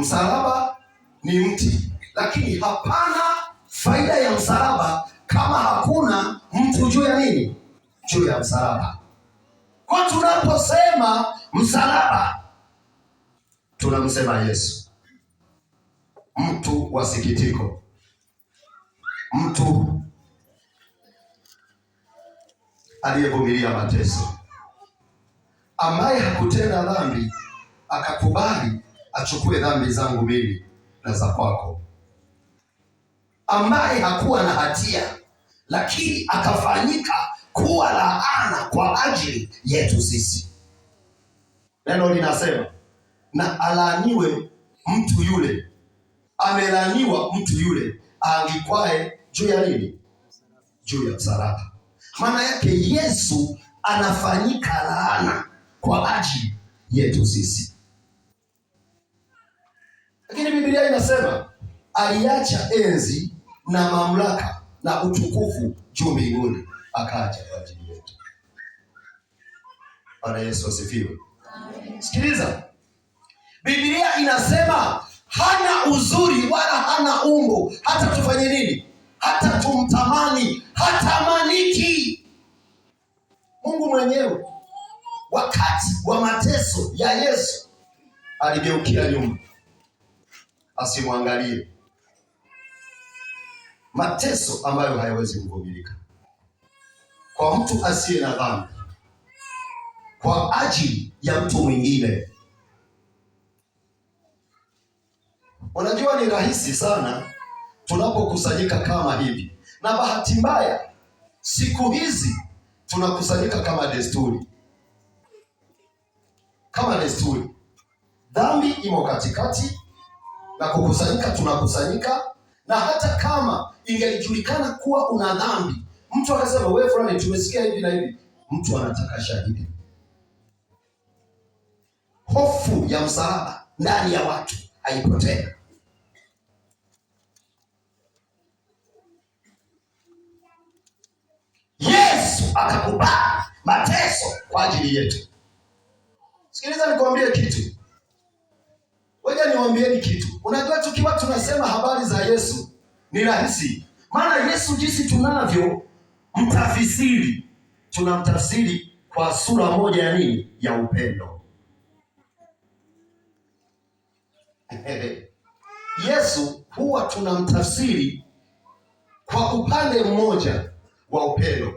Msalaba ni mti, lakini hapana faida ya msalaba kama hakuna mtu juu ya nini? Juu ya msalaba. Kwa tunaposema msalaba, tunamsema Yesu, mtu wa sikitiko, mtu aliyevumilia mateso, ambaye hakutenda dhambi, akakubali achukue dhambi zangu mimi na za kwako, ambaye hakuwa na hatia lakini akafanyika kuwa laana kwa ajili yetu sisi. Neno linasema na alaaniwe mtu yule, amelaaniwa mtu yule angikwae juu ya nini? Juu ya msalaba. Maana yake Yesu anafanyika laana kwa ajili yetu sisi. Biblia inasema aliacha enzi na mamlaka na utukufu juu mbinguni, akaja kwa ajili yetu. Bwana Yesu asifiwe. Sikiliza, Biblia inasema hana uzuri wala hana umbo, hata tufanye nini, hata tumtamani, hatamaniki. Mungu mwenyewe wakati wa mateso ya Yesu aligeukia nyuma asimwangalie mateso ambayo hayawezi kuvumilika kwa mtu asiye na dhambi kwa ajili ya mtu mwingine. Unajua, ni rahisi sana tunapokusanyika kama hivi, na bahati mbaya siku hizi tunakusanyika kama desturi, kama desturi. Dhambi imo katikati na kukusanyika tunakusanyika, na hata kama ingelijulikana kuwa una dhambi, mtu akasema wewe fulani, tumesikia hivi na hivi, mtu anataka shahidi. Hofu ya msalaba ndani ya watu haipotea. Yesu akakubali mateso kwa ajili yetu. Sikiliza nikwambie kitu Ngoja niwaambieni kitu. Unajua, tukiwa tunasema habari za Yesu ni rahisi, maana Yesu jinsi tunavyo mtafsiri, tunamtafsiri kwa sura moja ya nini? Ya upendo. Yesu huwa tunamtafsiri kwa upande mmoja wa upendo.